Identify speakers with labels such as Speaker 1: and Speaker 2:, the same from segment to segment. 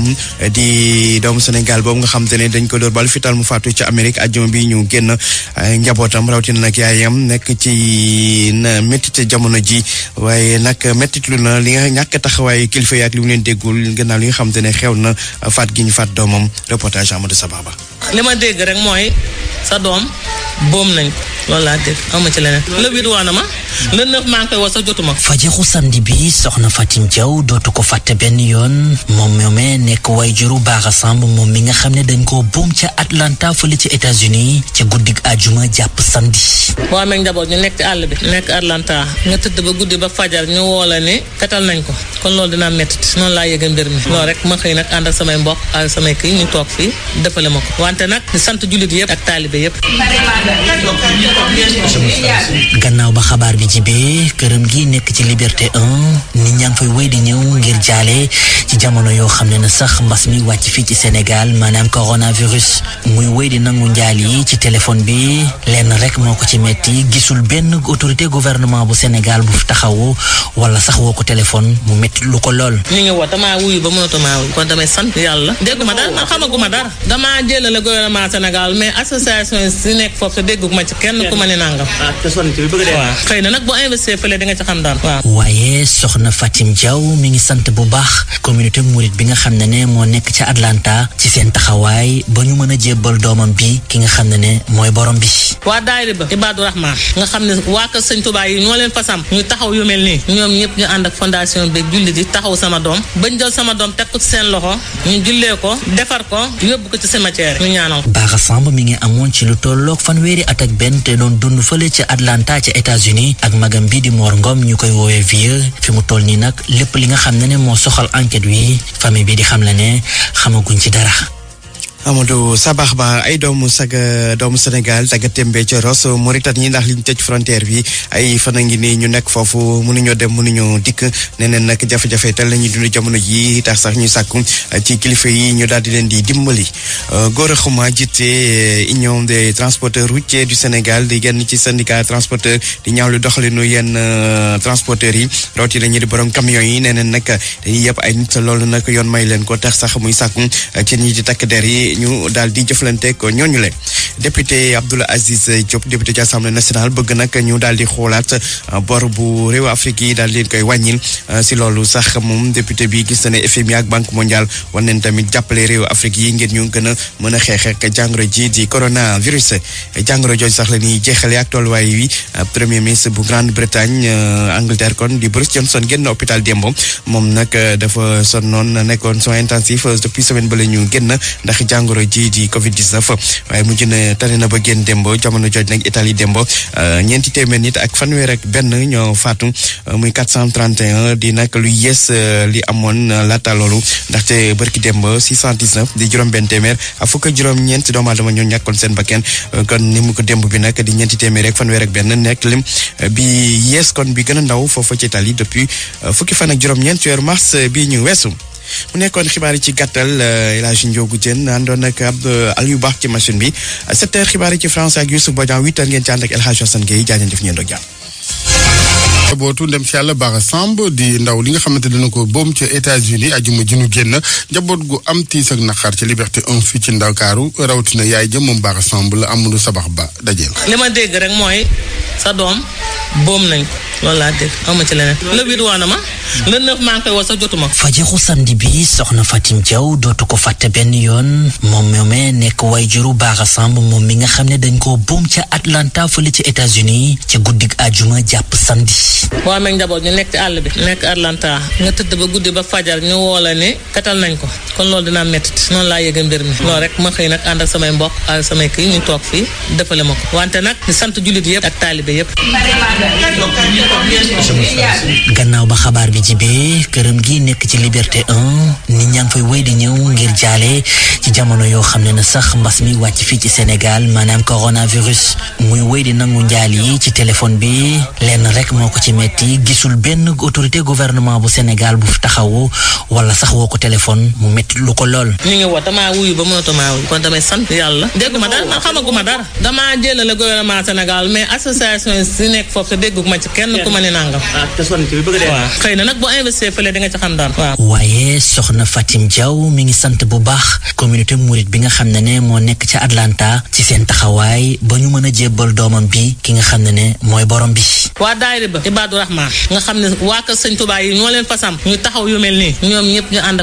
Speaker 1: am di doomu Sénégal boobu nga xam te ne dañ ko door bal fital mu faatu ci Amérique ajjuma bi ñu génn njabootam rawatina nag yaayam nekk ci na jamono ji waaye nag méttitlu na li nga ñàkk taxawaay kilifa yaak li mu leen déggul gannaaw li nga xam te ne xew na faat gi ñu faat doomam reportage Amadou Sababa
Speaker 2: li ma dégg rek mooy sa doom boom nañ loolu laa dégg am ci leneen. le huit waa na ma. le neuf maa ngi koy woo sax jotuma.
Speaker 3: fajaxu samedi bi soxna Fatim Diaw dootu ko fàtte benn yoon moom moomee nekk way juru a Samb moom mi nga xam ne dañ koo boom ca Atlanta fële ci États-Unis ca guddi ajuma jàpp samedi.
Speaker 2: boo amee njaboot ñu nekk àll bi. nekk Atlanta. nga tëdd ba guddi ba fajar ñu woo la ne fetal nañ ko. kon loolu dinaa métti noonu laa yëg mbir mi loolu rek ma xëy nag ànd ak samay mbokk ak samay kii ñu toog fii defale ma ko wante nag sant jullit yëpp ak taalibe yëpp.
Speaker 3: gannaaw ba xabaar bi jibee këram gi nekk ci liberté 1 nit ñaa ngi fay di ñëw ngir jaale. ci jamono yoo xam ne na sax mbas mi wàcc fii ci Sénégal maanaam coronavirus muy wéy di nangu njaal yi ci téléphone bi lenn rek moo ko ci metti gisul benn autorité gouvernement bu Sénégal bu taxawu wala sax woo ko téléphone mu metti lu ko lool.
Speaker 2: ñu ngi woo damaa wuyu ba mënatumaa wuyu kon damay sant yàlla. dégguma dara man xamaguma dara. damaa jëlale gouvernement Sénégal mais association yi nekk foofu te dégguma ci kenn ku ma ne nangam. ah na nag boo investir fële di nga ci xam dara.
Speaker 3: waaye soxna Fatim communauté murit bi nga xam ne ne moo nekk ca Atlanta ci seen taxawaay ba ñu mën a jébbal doomam bi ki nga xam ne ne mooy borom bi
Speaker 2: waa daayira ba Ibadu Rahman nga xam ne waa kër sëñ Tuubaa yi ñoo leen fasam ñu taxaw yu mel nii ñoom ñëpp ñu ànd ak fondation bi julli di taxaw sama doom bañ jël sama doom teg ko ci seen loxo ñu jullee ko defar ko yóbbu ko ci cimetière ñu ñaanal
Speaker 3: Bara Samb mi ngi amoon ci lu tolloog fanweeri at ak benn te doon dund fële ca Atlanta wi famille bii di xam la ne xamaguñ ci dara
Speaker 1: Amadou Sabax Ba ay doomu saga doomu Sénégal daga tembe ca Ross Mauritanie ndax liñ tëj frontière bi ay fan a ngi nii ñu nekk foofu mënuñoo dem mënuñoo dikk nee neen nag jafe-jafe tel la ñuy dund jamono ji tax sax ñu sàkku ci kilifa yi ñu daal di leen di dimbali. Euh, Gora Khouma jiite euh, union des transporteurs routiers du Sénégal di genn ci syndicat transporteur di ñaawlu doxalinu yenn euh, transporteurs yi rawatina ñi di borom camions yi nee neen nag dañuy yëpp nag yoon may leen ko tax sax muy sàkku ci di takk der yi. yi ñu daal di jëflante ko ñooñu le député Abdoul Aziz Diop député ci assemblée nationale bëgg nag ñu daal di euh, bor bu réew Afrique yi daal di leen koy wàññil euh, si loolu sax moom député bi gis na ne FMI ak banque mondiale war nañ tamit jàppale réew Afrique yi ngeen ñu gën a mën a xeex ak jàngoro ji di coronavirus jàngoro jooju sax la ñuy jeexale ak tolluwaay wi euh, premier ministre bu Grande-Bretagne Angleterre kon di Boris Johnson génn hôpital démb moom nag dafa sonnoon nekkoon soins intensifs depuis semaine ba jàngoro ji di Covid 19 waaye mujj na tane na ba génn démb jamono jooj nag Italie démb euh, ñeenti téeméer nit ak fanweer ak benn ñoo faatu euh, muy 431 di nag lu yees euh, li amoon laata loolu ndaxte bërki démb 619 di juróom-benn téeméer ak fukk ak juróom-ñeent doomu aadama ñoo ñàkkoon seen bakkan kon ni mu ko démb bi nag di ñeenti téeméer ak fanweer ak benn nekk lim bi yees kon bi gën ndaw foofa ci Italie depuis fukki fan ak juróom-ñeent weeru mars bi ñu weesu. mu nekkoon xibaar yi ci gàttal euh, El Hadj Ndiogou Diène àndoon ak Abdou euh, Aliou Ba ci machine bi 7 xibaar yi ci France ak Youssouf Bodian 8 heures ngeen ci ànd ak El Hadj Assane Gueye jaajëf ñeen doog njabootu ndem
Speaker 2: si yàlla Bara Samb di ndaw li nga xamante dana ko boom ca États-Unis ajuma ji nu génn njaboot gu am tiis ak naqar ci liberté 1 fii ci Ndakaaru rawatina yaay jëm moom Bara Samb la amulu sabax ba dajeel. li ma dégg rek mooy sa doom. boom nañ ko loolu laa dégg ama ci leneen le huit woo na ma le neuf maa ngi koy wax sa jotuma fajaxu samedi bi soxna Fatim Diaw
Speaker 3: dootu ko fàtte benn yoon moom moomee nekk way juru baax a samb moom mi nga xam ne dañ koo boom ca Atlanta fële ca États-Unis ca guddi ajuma jàpp samedi
Speaker 2: waa meeg njaboot ñu nekk ci àll bi nekk Atlanta nga tëdd ba guddi ba fajar ñu woo la ne katal nañ ko kon loolu dinaa métti noonu laa yëga mbir mi loolu rek ma xëy nag ànd ak samay mbokk ak samay kii ñu toog fii defale ma ko wante nag sant jullit ak taalibe yëpp
Speaker 3: ba xabaar bi jibee këram gi nekk ci liberté ñaa ngi fay wéy di ñëw ngir jaale ci jamono yoo xam ne na sax mbas mi wàcc fii ci Sénégal maanaam coronavirus muy wéy di nangu njaal yi ci téléphone bi lenn rek moo ko ci metti gisul benn autorité gouvernement bu Sénégal bu taxawu wala sax woo ko téléphone mu metti mettitlu
Speaker 2: ko lool. ñu ngi woo damaa a ba mënatumaa wuyu kon damay sant yàlla. dégguma dara man xamaguma dara. damaa jëlale gouvernement Sénégal mais association si nekk foofu dégguma ci kenn ku ma ne nangam. Ah, waaw xëy na nag boo investir fële di nga ci xam dara
Speaker 3: waaw. waaye soxna Fatim Diaw mi ngi sant bu baax communauté Mouride bi nga xam ne ne ba ñu mën a jébbal doomam bi ki nga xam ne ne mooy borom bi.
Speaker 2: waa daayira ba Ibadu Rahman nga xam ne waa kër Sëñ Tuubaa yi ñoo leen fasam ñu taxaw yu mel nii ñoom ñëpp ñu ànd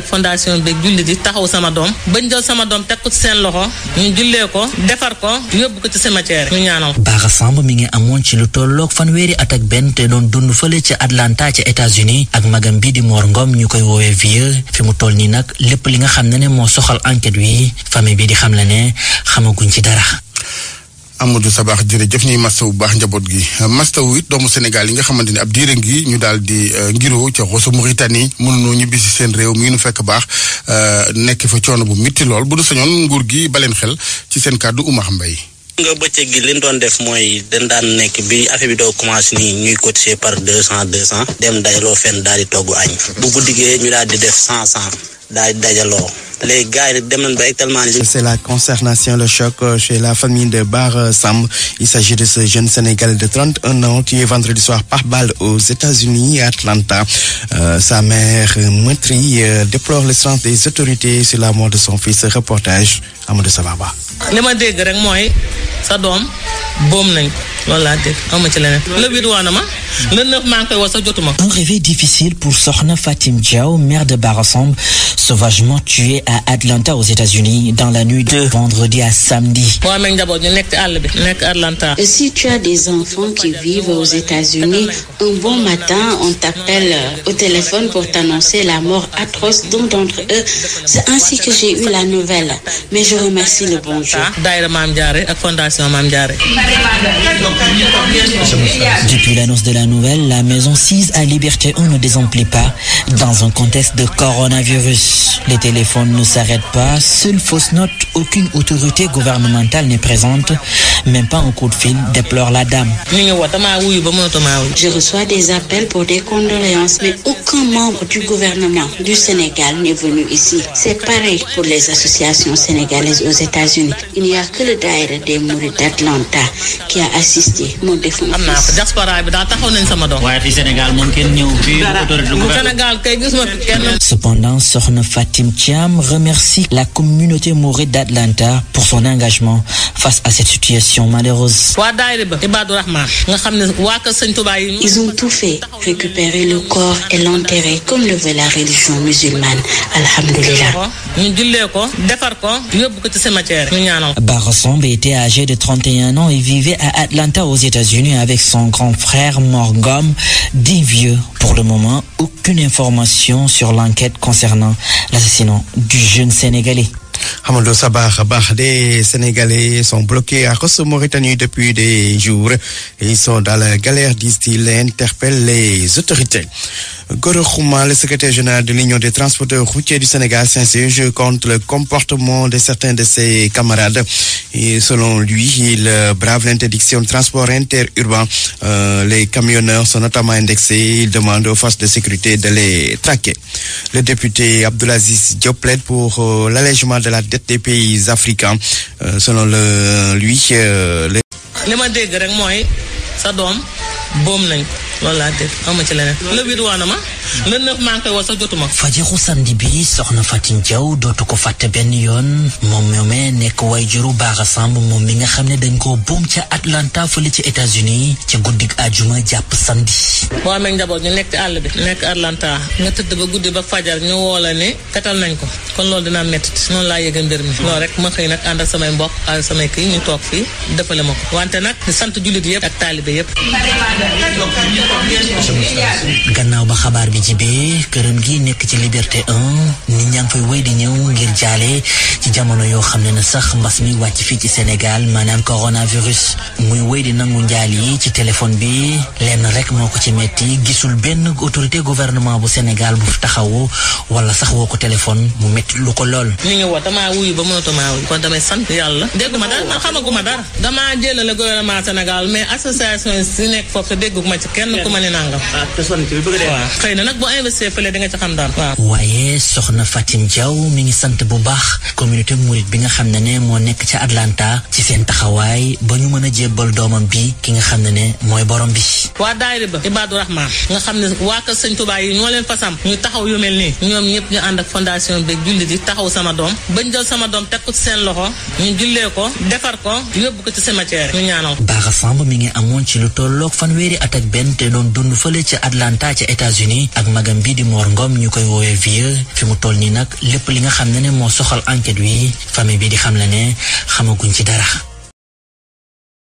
Speaker 2: julli ji taxaw sama doom bañ jël sama doom teg seen loxo ñu ko defar ko yóbbu ko ci cimetière ñu
Speaker 3: ñaanal ko. Bara Samb mi ngi amoon ci lu tolloog fanweeri at ak benn te doon dund fële ca Atlanta ca États-Unis ak magam bii di Mor Ngom ñu koy woowee vieux fi mu toll nii nag lépp li nga xam ne ne moo soxal enquête wi famille bi di xam la ne xamaguñ ci dara.
Speaker 2: sa baax jërëjëf ñuy mastaw bu baax njaboot gi mastaw it doomu Sénégal yi nga xamante ni ab diire ngi ñu daal di euh, ngiro ca xosu Mauritanie mënuñu ñibbi si seen réew mi nu fekk baax euh, nekk fa coono bu mitti lool bu du sañoon nguur gi leen xel ci seen kàddu Oumar Mbaye nga bëccëg
Speaker 3: gi liñ doon def mooy dañ daan nekk bi affaire bi doo commencé nii ñuy cotiser par deux cent deux cent dem dajaloo fenn daal di togg añ bu guddigee ñu daal di def cent cent daal di dajaloo les gars yi dem nañ ba tellement.
Speaker 1: la consternation le choc euh, chez la famille de Bara euh, Samb il s'agit de ce jeune Sénégalais de 31 ans tué vendredi soir par bal aux États-Unis à Atlanta euh, sa mère euh, meurtrie euh, déplore l'absence des autorités sur la mort de son fils reportage Amadou Saba Ba.
Speaker 2: li ma dégg rek mooy sa doom boom nañ ko loolu laa dégg amu ci leneen. le huit woo na ma. le neuf maa ngi koy woo sa jotuma.
Speaker 3: un réveil difficile pour Sokhna Fatim Diaw mère de Barassamb sauvagement tuée à Atlanta aux États-Unis dans la nuit de vendredi à samedi.
Speaker 2: waaw man njaboot ñu nekk ci bi nekk Atlanta. si tu as des enfants qui vivent aux États-Unis un bon matin on t'appelle euh, au téléphone pour t'annoncer la mort atroce d'un d'entre eux c'est ainsi que j'ai eu la nouvelle je remercie
Speaker 3: Depuis l'annonce de la nouvelle, la maison 6 à Liberté 1 ne désemplit pas dans un contexte de coronavirus. Les téléphones ne s'arrêtent pas, seule fausse note, aucune autorité gouvernementale n'est présente, même pas un coup de fil, déplore la dame.
Speaker 2: Je reçois des appels pour des condoléances, mais aucun membre du gouvernement du Sénégal n'est venu ici. C'est pareil pour les associations sénégalaises. sénégalaise aux États-Unis il n'y a que le daïra des Mourides d'Atlanta qui a assisté moo def. am naa ko diaspora bi daal taxaw nañu sama doom. waaye fii Sénégal moom kenn ñëw fii autorité du Sénégal kay gis ma kenn.
Speaker 3: Cependant, Sokhna Fatim Thiam remercie la communauté mouride d'Atlanta pour son engagement face à cette situation malheureuse.
Speaker 2: nga xam ne waa kër Sëñ Touba yi. Ils ont tout fait, récupérer le corps et l'enterrer comme le veut la religion musulmane. Alhamdulillah. yóbbu ko ci cimetière ñu ñaanal.
Speaker 3: était âgé de ans et vivait à Atlanta aux États-Unis avec son grand frère Morgom, dit Pour le moment, aucune information sur l'enquête concernant l'assassinat du jeune
Speaker 1: Sénégalais. Hamadou Sabah des Sénégalais sont bloqués à Rosso Mauritanie depuis des jours. Ils sont dans la galère, disent-ils, les autorités. Goro le secrétaire général de l'Union des transporteurs routiers du Sénégal, s'insurge contre le comportement de certains de ses camarades. Et selon lui, il brave l'interdiction de transport interurbain. Euh, les camionneurs sont notamment indexés. Il demande aux forces de sécurité de les traquer. Le de la dette des pays africains euh, selon le lui. Euh,
Speaker 2: li ma dégg rek mooy sa doom boom nañ loolu laa dégg xam ci leneen. loolu la biir le neuf maa ngi koy woo sax jotuma. fajaru sandi bi soxna Fatim Diaw dootu
Speaker 3: ko fàtte benn yoon moom moomee nekk waajuru Bara Samb moom mi nga xam ne dañ koo boom ca Atlanta fële ci États-Unis ca guddig àjjuma jàpp samedi.
Speaker 2: boo amee njaboot ñu nekk ci àll bi. nekk Atlanta nga tëdd ba guddi ba fajar ñu woo la ne fetal nañ ko kon loolu dinaa métti noonu laa yëg mbir mi. loolu rek ma xëy nag ànd ak samay mbokk ak samay kii ñu toog fii defale ma ko wante nag sant jullit yëpp ak taalibe yëpp.
Speaker 3: gannaaw ba xabaar bi bi jibee këram gi nekk ci liberté 1 nit ñaa ngi wéy di ñëw ngir jaale ci jamono yoo xam ne na sax mbas mi wàcc fii ci Sénégal maanaam coronavirus muy wéy di nangu njaal yi ci téléphone bi lenn rek moo ko ci metti gisul benn autorité gouvernement bu Sénégal bu taxawu wala sax woo ko téléphone mu metti lu ko lool.
Speaker 2: ñu ngi woo damaa wuyu ba mënatumaa wuyu kon damay sant yàlla. dégguma dara man xamaguma dara. damaa jëlale gouvernement Sénégal mais ma ah, na nag boo investir fële di nga ci xam daan
Speaker 3: waaw. waaye soxna Fatim Diaw mi ngi sant bu baax communauté Mouride bi nga xam ne ne moo nekk ca Atlanta ci seen taxawaay ba ñu mën a jébbal doomam bi ki nga xam ne ne mooy borom bi.
Speaker 2: waa daayira ba Ibadu Rahman nga xam ne waa kër Sëñ Tuubaa yi ñoo leen fasam ñu taxaw yu mel nii ñoom ñëpp ñu ànd ak fondation bi julli di taxaw sama doom bañ jël sama doom teg ko ci seen loxo ñu jullee ko defar ko yóbbu ko ci cimetière ñu
Speaker 3: ñaanal. Bara Samb mi ngi amoon ci lu tolloog fanweeri at ak benn te doon dund fële ca Atlanta ca États-Unis ak magam bii di Mor ngoom ñu koy woowee vieux fi mu toll nii nag lépp li nga xam ne ne moo soxal enquête yi famille bi di xam la ne xamaguñ ci dara